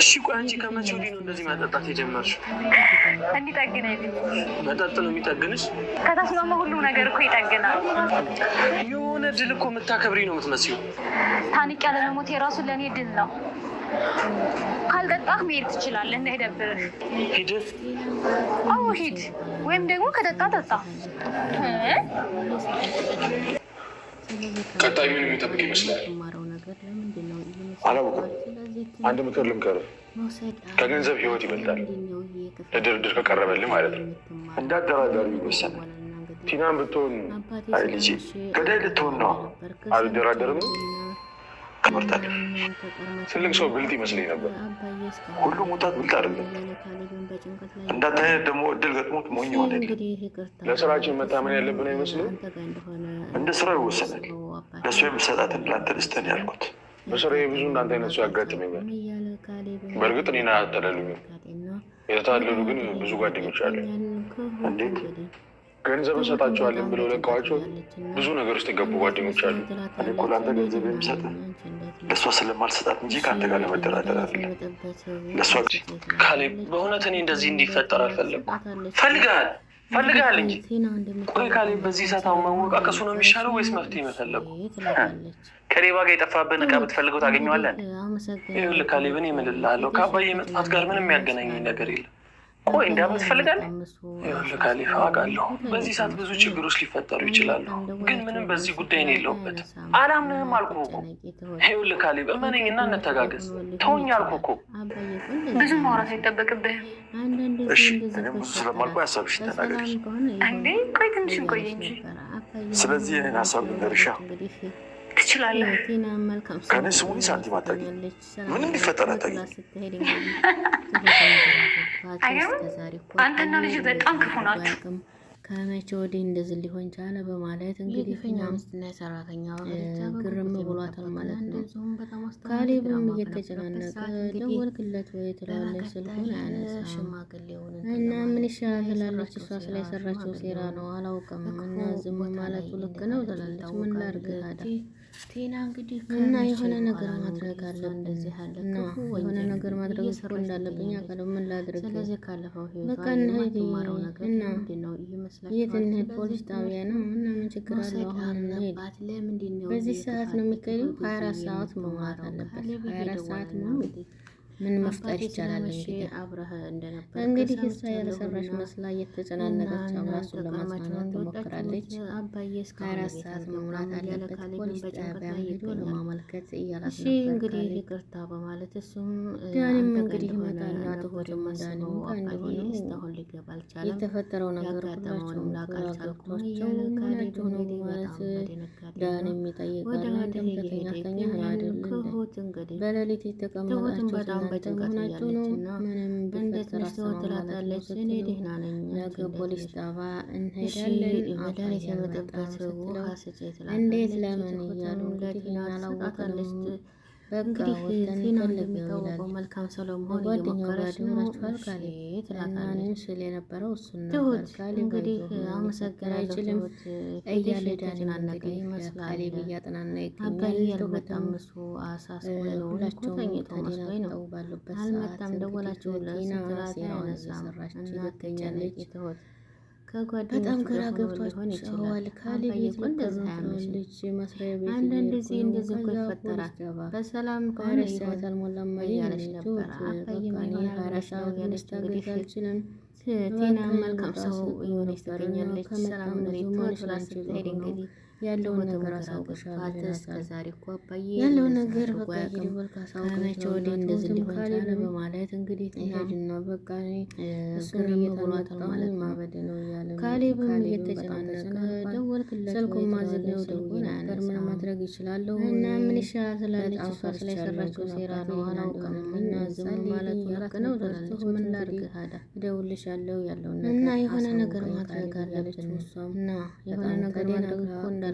እሺ ቆይ አንቺ ከመቼ ወዲህ ነው እንደዚህ መጠጣት የጀመርሽው? እንዲጠግነኝ መጠጥ ነው የሚጠግንሽ? ከተስማማ ሁሉም ነገር እኮ ይጠግናል። የሆነ ድል እኮ የምታከብሪ ነው የምትመስዩ። ታንቅ ያለ መሞት የራሱ ለእኔ ድል ነው። ካልጠጣህ መሄድ ትችላለህ፣ እንዳይደብርህ። ሂድ። አዎ ሂድ፣ ወይም ደግሞ ከጠጣ ጠጣ። ቀጣይ ምን የሚጠብቅ ይመስላል? ነገር ለምንድን ነው አንድ ምክር ልምከር፣ ከገንዘብ ህይወት ይበልጣል። ለድርድር ከቀረበልህ ማለት ነው። እንዳደራዳሪ ይወሰነ ቲናን ብትሆን አይ ልጄ ገዳይ ልትሆን ነው። አልደራደርም ትመርጣለህ። ትልቅ ሰው ብልጥ ይመስለኝ ነበር። ሁሉም ወጣት ብልጥ አይደለም። እንዳታየት ደግሞ እድል ገጥሞት ሞኝ ሆነ። ለስራችን መታመን ያለብን አይመስልም። እንደ ስራው ይወሰናል። ለሱ የምሰጣትን ለአንተ ደስተን ያልኩት በስራዬ ብዙ እንዳንተ አይነት ሰው ያጋጥመኛል። በእርግጥ እኔን አያጠለሉኝም። የተታለሉ ግን ብዙ ጓደኞች አለ። እንዴት ገንዘብ እንሰጣቸዋለን ብለው ለቀዋቸው ብዙ ነገር ውስጥ የገቡ ጓደኞች አሉ። እኔ እኮ ለአንተ ገንዘብ የሚሰጥ ለእሷ ስለማልሰጣት እንጂ ከአንተ ጋር ለመደራደር አለ ለእሷ ካሌ፣ በእውነት እኔ እንደዚህ እንዲፈጠር አልፈለግኩ። ፈልገሃል ፈልገሃል እንጂ ቆይ፣ ካሌብ፣ በዚህ ሰታው አሁን መወቃቀሱ ነው የሚሻለው ወይስ መፍትሄ መፈለጉ? ከሌባ ጋር የጠፋብህን እቃ ብትፈልገው ታገኘዋለን። ይኸውልህ ካሌብን እኔ ከአባዬ መጥፋት ጋር ምንም ያገናኘኝ ነገር የለም። ቆይ እንዲያምት ትፈልጋለህ? ይኸውልህ ካሊፋ አውቃለሁ በዚህ ሰዓት ብዙ ችግሮች ሊፈጠሩ ይችላሉ፣ ግን ምንም በዚህ ጉዳይ ነው የለሁበትም። አላምንህም አልኩህ እኮ። ይኸውልህ ካሊብ እመነኝ እና እንተጋገዝ። ተውኝ አልኩህ እኮ። ብዙ ማውራት አይጠበቅብህ። እሺ እኔም ብዙ ስለማልኩ ሀሳብሽ ተናገሪ። እንዴ ቆይ ትንሽ ቆይ እንጂ። ስለዚህ ይህን ሀሳብ ንገርሻ ትችላለህ። ከነ ስሙኒ ሳንቲም አታገኝም። ምንም ቢፈጠር አታገኝም። አንተና ልጅ በጣም ክፉ ናችሁ። ከመቼ ወዲህ እንደዚህ ሊሆን ቻለ? በማለት እንግዲህ ግርም ብሏታል ማለት ነው። ካሌብም እየተጨናነቀ ደወልክለት ወይ ትላለች፣ ስልኩን አያነሳም እና ምን ይሻላል ትላለች። እሷ ስለሰራችው ሴራ ነው አላውቅም እና ዝም ማለቱ ልክ ነው ትላለች። ምን ላድርግ ታዲያ ቴና እንግዲህ እና የሆነ ነገር ማድረግ አለ እንደዚህ አለ እና የሆነ ነገር ማድረግ ሰሩ እንዳለብኝ አውቃለሁ። ምን ላድርግ? ስለዚህ ካለፈው ህይወት በቃ እንሂድ እና የት እንሂድ? ፖሊስ ጣቢያ ነው እና ምን ችግር አለው? አሁን እንሂድ። በዚህ ሰዓት ነው የሚካሄደው። ሀያ አራት ሰዓት መሙላት አለበት። ሀያ አራት ሰዓት ሙሉ ምን መፍጠር ይቻላል? እንግዲህ አብረህ እንደነበር እንግዲህ እሷ ያለሰራሽ መስላ እየተጨናነቀች ራሱ እሱን ለማጽናናት ትሞክራለች። ሀያ አራት ሰዓት መሙላት አለበት። ፖሊስ ጣቢያ ሄዶ ለማመልከት እያላት ነበር። እንግዲህ ይቅርታ በማለት እሱም ዳኒም እንግዲህ ይመጣና ትሆድም ዳኒም ከአንድ ሆነው የተፈጠረው ነገር ሁላቸውም ላቃልቻልኳቸው ከአንድ ሆነው ማለት ዳን ይጠይቃል። ወደ ተተኛ ተኛ አይደል በሌሊት የተቀመጣቸው በጭንቀትናቸው ነው። ምንም እንዴት ነሽ ትላታለች። እኔ ደህና ነኝ። ነገ ፖሊስ ጣባ እንሄዳለን። መድኃኒት የምጥበት ውሃ ስጭ ትላታለች። እንዴት ለምን እያሉ ለቲና አላወቃለች። እንግዲህ ዜናውን እንደሚታወቀው መልካም ሰው ለመሆን እየሞከረች ነው። ትላታለች ስል የነበረው እሱን ነበር። እንግዲህ አመሰግናለሁ እያለዳን አናገ ይመስላል ብያጥናና ይገኛል። በጣም እሱ አሳስቦ ነው ሁላቸው ተኝተው መስሎኝ ነው ባሉበት አልመጣም። ደወላችሁለት ስትላት ያነሳ እናት ተጨነቂ ትሆን በጣም ግራ ገብቷቸዋል። ካሌቤት መስሪያ ቤት አንዳንድ ጊዜ እንደዚህ እኮ ይፈጠራል። በሰላም ከሆነ ሰዓት አልሞላም እያለች ቴና መልካም ሰው እየሆነች ትገኛለች። ሰላም ሬቶ ስትሄድ እንግዲህ ያለውን ነገር አሳውቅሻለሁ። አንተ እስከ እኮ አባዬ ያለውን ነገር በቃ ይደወልክ አሳውቅሻለሁ ወደ እንደዚህ ሊሆን ቻለ በማለት እንግዲህ ትሄድን ነው በቃ እሱን እየተመጣጣ ማለት ማበድ ነው እያለ ካሌብም እየተጨናነቀ ደወልክለት ስልኩን ነው ደውል ነገር ምን ማድረግ ይችላለሁ እና ምን ይሻላል ስላለች እሷ ስለሰራችው ሴራ ነው አላውቅም እና ዝም ማለት ወርቅ ነው ትላለች። ምን ላድርግ ታዲያ እደውልልሻለሁ ያለውን ነገር እና የሆነ ነገር ማድረግ አለብን እና የሆነ ነገር ማድረግ እኮ እንዳለ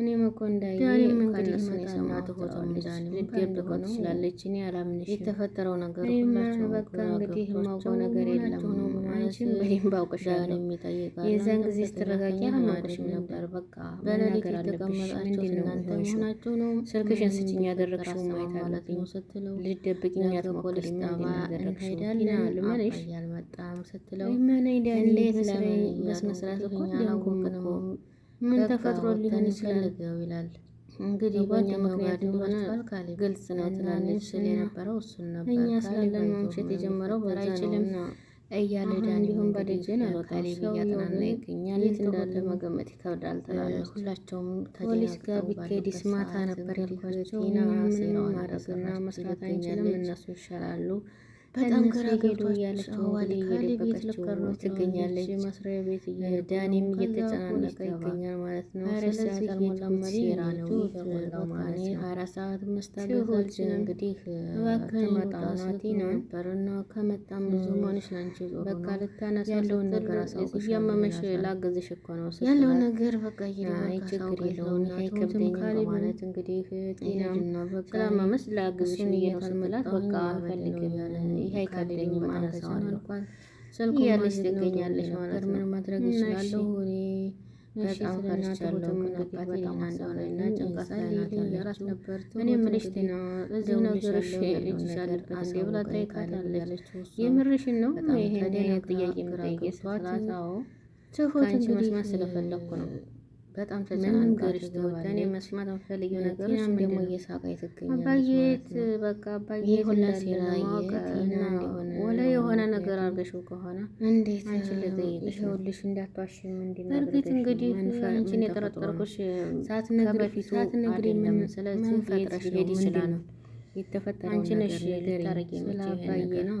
እኔ አላምንሽም። የተፈጠረው ነገር ሁላቸው የዛን ጊዜ ስትረጋጊ አልነግርሽም ነበር። በቃ በሌሊት የተቀመጣቸው እናንተ መሆናቸው ነው። ስልክሽን ስጭኝ ያደረግሽው ማየት አለብኝ ስትለው ልትደብቅኝ አትሞክሪ ሄዳልና ልመንሽ ያልመጣም ስትለው ይመናይዳ እንዴት ስራ በስነስርዓት እኮ ምን ተፈጥሮ ሊሆን ይችላል ይላል። እንግዲህ በእኛ ምክንያት እንደሆነ ግልጽ ነው ትላለች። ስል የነበረው እሱን ነበር እኛ ስላለን መምሸት የጀመረው በዛ ነው እያለ ዳኒሁን በደጀን ካሌብ እያጠናና ይገኛል። የት እንዳለ መገመት ይከብዳል ትላለች። ሁላቸውም ፖሊስ ጋር ቢኬዲስ ማታ ነበር ያልኳቸው ና ማድረግና መስራት አይችልም እነሱ ይሻላሉ ከእነሱ ሄዱ እያለች ትገኛለች። መስሪያ ቤት ዳኒም እየተጨናነቀ ይገኛል ማለት ነው። ሰዓት እንግዲህ ከመጣም ብዙ ማንሽ ላንቺ በቃ ልታነሳ ያለውን ነገር አሳውቅሽ እያመመሽ ላገዝሽ እኮ ነው ያለውን ነገር በቃ ይናይ እንግዲህ ጤናም ስላመመስ ላግዝሽን እየተልምላት በቃ አልፈልግም ይሄ አይከብደኝም ማለት ነው ትገኛለሽ ማለት ምን ማድረግ እችላለሁ? እኔ በጣም ፈርቻለሁ። ግን አባቴ ሌላ እንደሆነ እና ጭንቀት ላይ እኔ የምልሽ እዚህ ነገርሽ አለበት ብላ ጠይቃታለች። የምርሽን ነው ይሄ ጥያቄ የምጠይቅ ስላት፣ ትሁት እንግዲህ ነው በጣም ተጨናንቀሽ ትወዳለች። እኔ መስማት የምፈልጊው ነገር እሱ ደግሞ እየሳቀች ትገኛለች። አባዬት በቃ አባዬ ሁላ ሴራ የሆነ የሆነ ነገር አድርገሽው ከሆነ እንዴት አንቺ ልጠይቅሽ ይኸውልሽ፣ እንዳትዋሽም እንዲናገር በርግጥ እንግዲህ አንቺን የጠረጠርኩሽ ሳትነግሪ ሳትነግሪ ምን ስለዚህ ሄድ ይችላል የተፈጠረው ነገር ልታረጊ ነው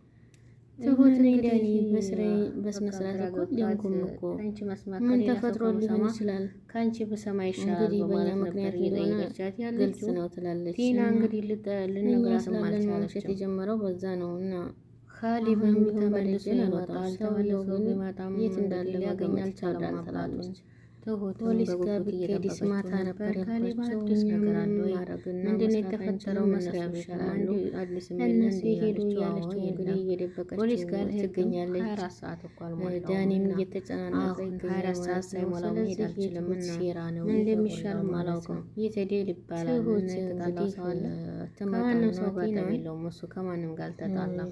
ትሁትን እንደኔ በስነ ስርዓት እኮ ሊንኩም እኮ ምን ተፈጥሮ ሊሆን ይችላል? ከአንቺ በሰማ ይሻላል በማለት ነበር እየጠየቀቻት ግልጽ ነው ትላለች። ቲና እንግዲህ ልነግራትም አልቻለችም። የጀመረው በዛ ነው እና ካሊብም ተመልሶ ይመጣል። ሰውየው ግን የት እንዳለ ሊያገኝ አልቻለም ትላለች። ፖሊስ ጋር ቢኬድ ይስማታ ነበር። ካሌብ አዲስ ነገር አለ ወይ? ምንድን ነው የተፈጠረው? መስሪያ ቤት አዲስ እነሱ የሄዱ እያለች እንግዲህ እየደበቀች ፖሊስ ጋር ትገኛለች። አራት ሰዓት እኮ አልሞላውም። ዳኒም እየተጨናነቀ ይገኛል። ሰዓት ሳይሞላ መሄድ አልችልም። ሴራ ነው? ምን እንደሚሻልም አላውቅም። የቴዴል ይባላል። ትሁት እንግዲህ ከማንም ሰው ጋር ተሜለውም እሱ ከማንም ጋር አልተጣላም።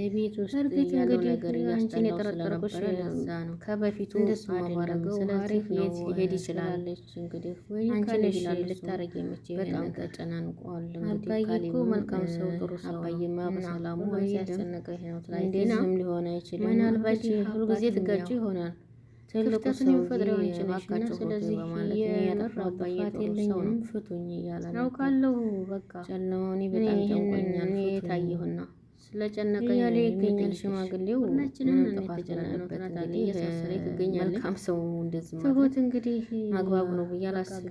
የቤት ውስጥ ያለው ነገር እያስጠላው ስለነበረ ለዛ ነው ከበፊቱ አይደለም። ስለዚህ የት ሊሄድ ይችላል? እንግዲህ አንቺ ነሽ ልታረግ የምችል በጣም ተጨናንቋል። እንግዲህ ካሊቡ መልካም ሰው፣ ጥሩ ሰው አባዬማ በሰላሙ ሲያስጨነቀ ህይወት ላይ እንደዚህም ሊሆን አይችልም። ምናልባት ሁልጊዜ ትጋጩ ይሆናል ትልቁ ሰው ስለዚህ የጠፋት የለኝም ፍቱኝ እያለ ነው። ካለው በቃ ጨለማውን በጣም ጨንቆኛል የታየሁና ስለጨነቀኝ ይገኛል ሽማግሌው። ሁላችንም መልካም ሰው እንደዚህ ትሁት እንግዲህ አግባቡ ነው ብዬ አላስብም።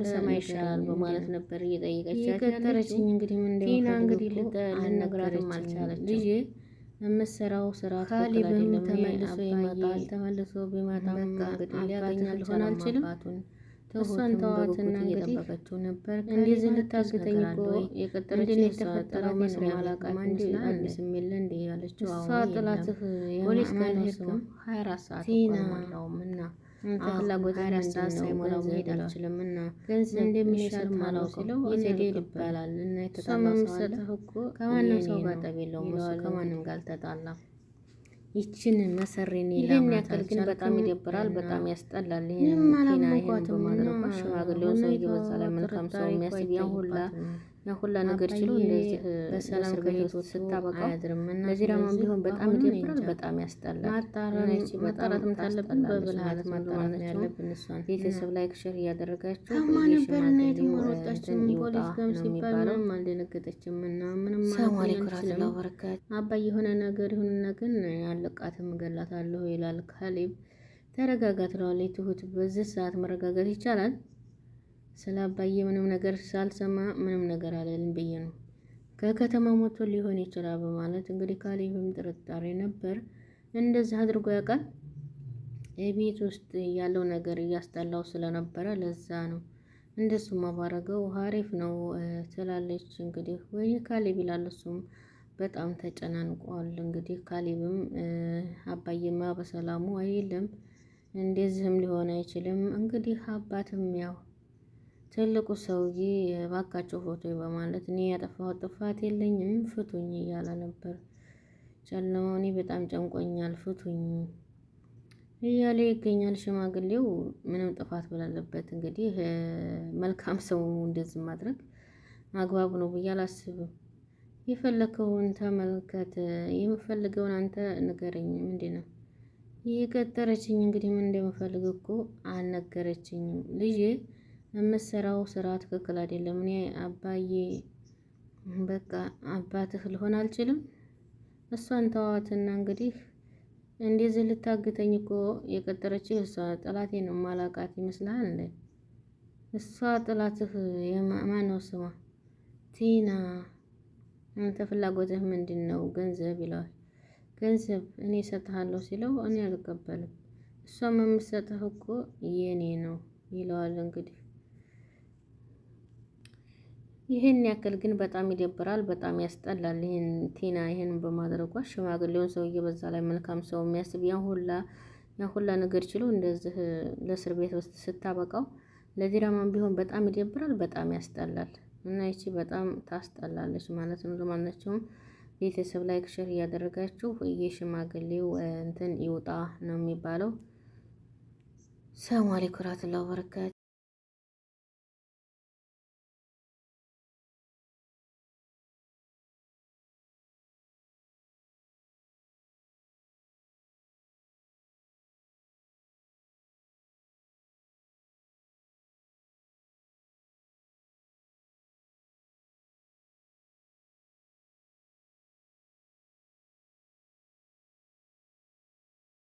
ብሰማ ይሻላል በማለት ነበር እየጠየቀች እንግዲህ እንግዲህ ልነግራትም አልቻለች ልጄ የምሰራው ስራ ካሊብም ተመልሶ ይመጣል። ተመልሶ ቢመጣም እንግዲህ ሊያገኛል ሆን አልችልም እሷን ተዋትና እንግዲህ ነበር እንደዚህ ልታግተኝ እኮ የቀጠረችኝ የተፈጠረው መስሪያ አላውቃትም። እሷ ጥላትህ ፖሊስ ካልሄድክም ሀያ አራት ሰዓት አልሞላውም እና ፍላጎት ሀያ መሄድ አልችልም እና ገንዘብ እንደሚሻል ይባላል እና ከማንም ሰው ጋር ጠብ የለውም። ከማንም ጋር አልተጣላም። ይችን መሰሪን ይህን ያክል ግን በጣም ይደብራል፣ በጣም ያስጠላል። ይህን ና ይህን በማድረጓ ሽማግሌውን ሰው እየበዛ ላይ መልካም ሰው የሚያስብ ያሁላ ሁላ ነገር ችሎ እንደዚህ በሰላም ከህይወት ስታበቃው ለዚህ ደግሞ ቢሆን በጣም ይደብራል፣ በጣም ያስጠላል። ማጣራት ማጣራትም ታለብን በብልሃት ማጣራት ያለብን እሷን። ቤተሰብ ላይክ ሼር እያደረጋችሁ አባ የሆነ ነገር ይሁንና ግን አለቃትም እገላታለሁ ይላል። ካሌብ ተረጋጋ ትለዋለች ትሁት። በዚህ ሰዓት መረጋጋት ይቻላል? ስለ አባዬ ምንም ነገር ሳልሰማ ምንም ነገር አለልን ብዬ ነው። ከከተማ ሞቶ ሊሆን ይችላል በማለት እንግዲህ ካሌብም ጥርጣሬ ነበር። እንደዚህ አድርጎ ያውቃል። የቤት ውስጥ ያለው ነገር እያስጠላው ስለነበረ ለዛ ነው እንደሱ ማባረገው ሀሪፍ ነው ትላለች። እንግዲህ ወይ ካሌብ ይላል እሱም በጣም ተጨናንቋል። እንግዲህ ካሌብም አባዬማ በሰላሙ አይልም፣ እንደዚህም ሊሆን አይችልም። እንግዲህ አባትም ያው ትልቁ ሰውዬ የባካቸው ፎቶ በማለት እኔ ያጠፋሁት ጥፋት የለኝም ፍቱኝ እያለ ነበር። ጨለማው እኔ በጣም ጨንቆኛል ፍቱኝ እያለ ይገኛል። ሽማግሌው ምንም ጥፋት ብላለበት እንግዲህ መልካም ሰው እንደዚህ ማድረግ አግባብ ነው ብዬ አላስብም። የፈለከውን ተመልከት፣ የምፈልገውን አንተ ንገረኝ። ምንድ ነው የቀጠረችኝ? እንግዲህ ምን እንደምፈልግ እኮ አልነገረችኝም ልጄ የምትሰራው ስራ ትክክል አይደለም። እኔ አባዬ በቃ አባትህ ልሆን አልችልም። እሷን ተዋትና እንግዲህ እንደዚህ ልታግተኝ እኮ የቀጠረችህ እሷ ጠላቴ ነው ማላቃት ይመስልሃል እንዴ? እሷ ጠላትህ የማነው ስማ ቲና። አንተ ፍላጎትህ ምንድን ነው? ገንዘብ ይለዋል። ገንዘብ እኔ እሰጥሃለሁ ሲለው እኔ አልቀበልም። እሷም የምሰጥህ እኮ የኔ ነው ይለዋል እንግዲህ ይህን ያክል ግን በጣም ይደብራል፣ በጣም ያስጠላል። ይህን ቲና ይህን በማድረጓ ሽማግሌውን ሰውዬ በዛ ላይ መልካም ሰው የሚያስብ ያን ሁላ ያን ሁላ ነገር ችሎ እንደዚህ ለእስር ቤት ውስጥ ስታበቃው ለዲራማም ቢሆን በጣም ይደብራል፣ በጣም ያስጠላል። እና ይቺ በጣም ታስጠላለች ማለት ነው። ለማናቸውም ቤተሰብ ላይ ክሽር እያደረጋችሁ የሽማግሌው እንትን ይውጣ ነው የሚባለው። ሰላም አለይኩም ወራህመቱላሂ ወበረካቱ